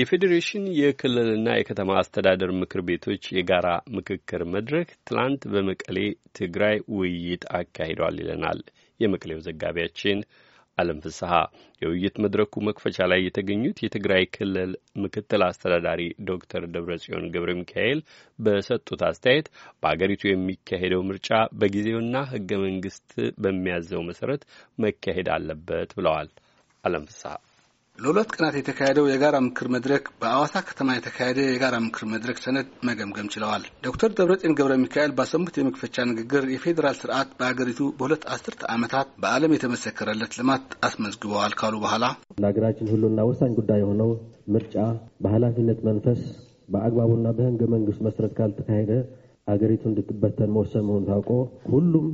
የፌዴሬሽን የክልልና የከተማ አስተዳደር ምክር ቤቶች የጋራ ምክክር መድረክ ትላንት በመቀሌ ትግራይ ውይይት አካሂዷል ይለናል የመቀሌው ዘጋቢያችን አለም ፍስሐ። የውይይት መድረኩ መክፈቻ ላይ የተገኙት የትግራይ ክልል ምክትል አስተዳዳሪ ዶክተር ደብረጽዮን ገብረ ሚካኤል በሰጡት አስተያየት በአገሪቱ የሚካሄደው ምርጫ በጊዜውና ህገ መንግስት በሚያዘው መሰረት መካሄድ አለበት ብለዋል። አለም ፍስሐ ለሁለት ቀናት የተካሄደው የጋራ ምክር መድረክ በአዋሳ ከተማ የተካሄደ የጋራ ምክር መድረክ ሰነድ መገምገም ችለዋል። ዶክተር ደብረጤን ገብረ ሚካኤል ባሰሙት የመክፈቻ ንግግር የፌዴራል ስርዓት በአገሪቱ በሁለት አስርተ ዓመታት በዓለም የተመሰከረለት ልማት አስመዝግበዋል ካሉ በኋላ ለሀገራችን ሁሉና ወሳኝ ጉዳይ የሆነው ምርጫ በኃላፊነት መንፈስ በአግባቡና በህገ መንግስት መሰረት ካልተካሄደ አገሪቱ እንድትበተን መወሰን መሆኑ ታውቆ ሁሉም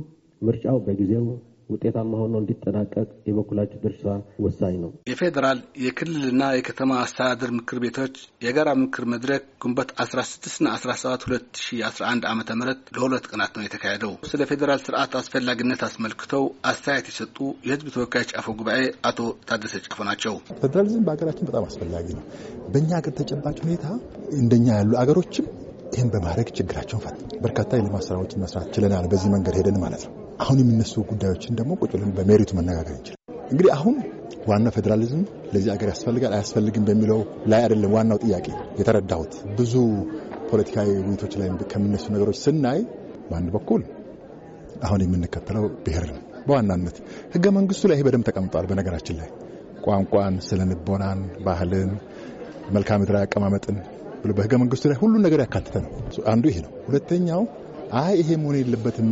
ምርጫው በጊዜው ውጤታማ ሆኖ እንዲጠናቀቅ የበኩላቸው ድርሻ ወሳኝ ነው። የፌዴራል የክልልና የከተማ አስተዳደር ምክር ቤቶች የጋራ ምክር መድረክ ግንቦት 16ና 17 2011 ዓ ም ለሁለት ቀናት ነው የተካሄደው። ስለ ፌዴራል ስርዓት አስፈላጊነት አስመልክተው አስተያየት የሰጡ የህዝብ ተወካዮች አፈ ጉባኤ አቶ ታደሰ ጫፎ ናቸው። ፌዴራሊዝም በሀገራችን በጣም አስፈላጊ ነው። በእኛ ሀገር ተጨባጭ ሁኔታ እንደኛ ያሉ አገሮችም ይህን በማድረግ ችግራቸውን ፈት በርካታ የልማት ስራዎችን መስራት ችለናል። በዚህ መንገድ ሄደን ማለት ነው አሁን የሚነሱ ጉዳዮችን ደግሞ ቁጭ ብለን በሜሪቱ መነጋገር እንችላል። እንግዲህ አሁን ዋና ፌዴራሊዝም ለዚህ ሀገር ያስፈልጋል አያስፈልግም በሚለው ላይ አይደለም ዋናው ጥያቄ የተረዳሁት። ብዙ ፖለቲካዊ ውይይቶች ላይ ከሚነሱ ነገሮች ስናይ በአንድ በኩል አሁን የምንከተለው ብሔር ነው በዋናነት ህገ መንግስቱ ላይ ይሄ በደንብ ተቀምጧል። በነገራችን ላይ ቋንቋን፣ ስነ ልቦናን፣ ባህልን፣ መልክዓ ምድራዊ አቀማመጥን ብሎ በህገ መንግስቱ ላይ ሁሉን ነገር ያካተተ ነው። አንዱ ይሄ ነው። ሁለተኛው አይ ይሄ መሆን የለበትም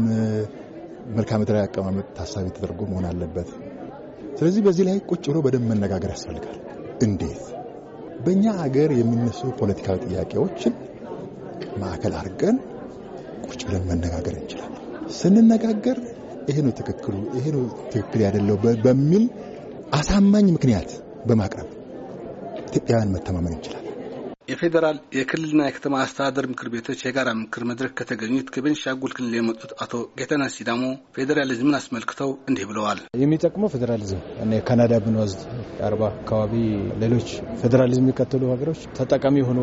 መልክዓ ምድራዊ አቀማመጥ ታሳቢ ተደርጎ መሆን አለበት። ስለዚህ በዚህ ላይ ቁጭ ብሎ በደንብ መነጋገር ያስፈልጋል። እንዴት በእኛ ሀገር የሚነሱ ፖለቲካዊ ጥያቄዎችን ማዕከል አድርገን ቁጭ ብለን መነጋገር እንችላለን። ስንነጋገር ይሄ ነው ትክክሉ፣ ይሄ ነው ትክክል ያደለው በሚል አሳማኝ ምክንያት በማቅረብ ኢትዮጵያውያን መተማመን እንችላለን። የፌዴራል የክልልና የከተማ አስተዳደር ምክር ቤቶች የጋራ ምክር መድረክ ከተገኙት ከቤንሻንጉል ክልል የመጡት አቶ ጌታነህ ሲዳሞ ፌዴራሊዝምን አስመልክተው እንዲህ ብለዋል። የሚጠቅመው ፌዴራሊዝም እኔ ካናዳ ብንወስድ አርባ አካባቢ ሌሎች ፌዴራሊዝም የሚከተሉ ሀገሮች ተጠቃሚ የሆኑ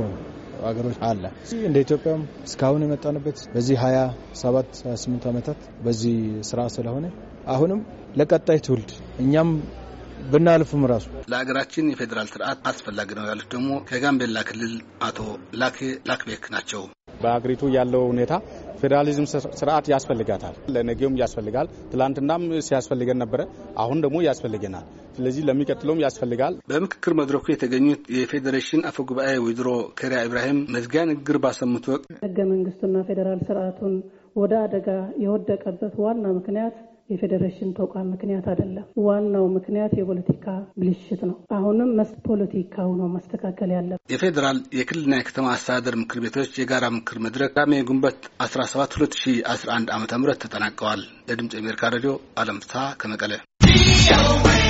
ሀገሮች አለ። እንደ ኢትዮጵያም እስካሁን የመጣንበት በዚህ 27 28 ዓመታት በዚህ ስራ ስለሆነ አሁንም ለቀጣይ ትውልድ እኛም ብናልፍም ራሱ ለሀገራችን የፌዴራል ስርዓት አስፈላጊ ነው ያሉት ደግሞ ከጋምቤላ ክልል አቶ ላክ ላክቤክ ናቸው። በሀገሪቱ ያለው ሁኔታ ፌዴራሊዝም ስርዓት ያስፈልጋታል፣ ለነገውም ያስፈልጋል። ትላንትናም ሲያስፈልገን ነበረ፣ አሁን ደግሞ ያስፈልገናል። ስለዚህ ለሚቀጥለውም ያስፈልጋል። በምክክር መድረኩ የተገኙት የፌዴሬሽን አፈ ጉባኤ ወይዘሮ ከሪያ ኢብራሂም መዝጊያ ንግግር ባሰሙት ወቅት ህገ መንግስቱና ፌዴራል ስርዓቱን ወደ አደጋ የወደቀበት ዋና ምክንያት የፌዴሬሽን ተቋም ምክንያት አይደለም። ዋናው ምክንያት የፖለቲካ ብልሽት ነው። አሁንም ፖለቲካው ነው ማስተካከል ያለ የፌዴራል የክልልና የከተማ አስተዳደር ምክር ቤቶች የጋራ ምክር መድረክ ቅዳሜ ግንቦት 17 2011 ዓ ም ተጠናቀዋል። ለድምፅ የአሜሪካ ሬዲዮ አለም ፍስሐ ከመቀለ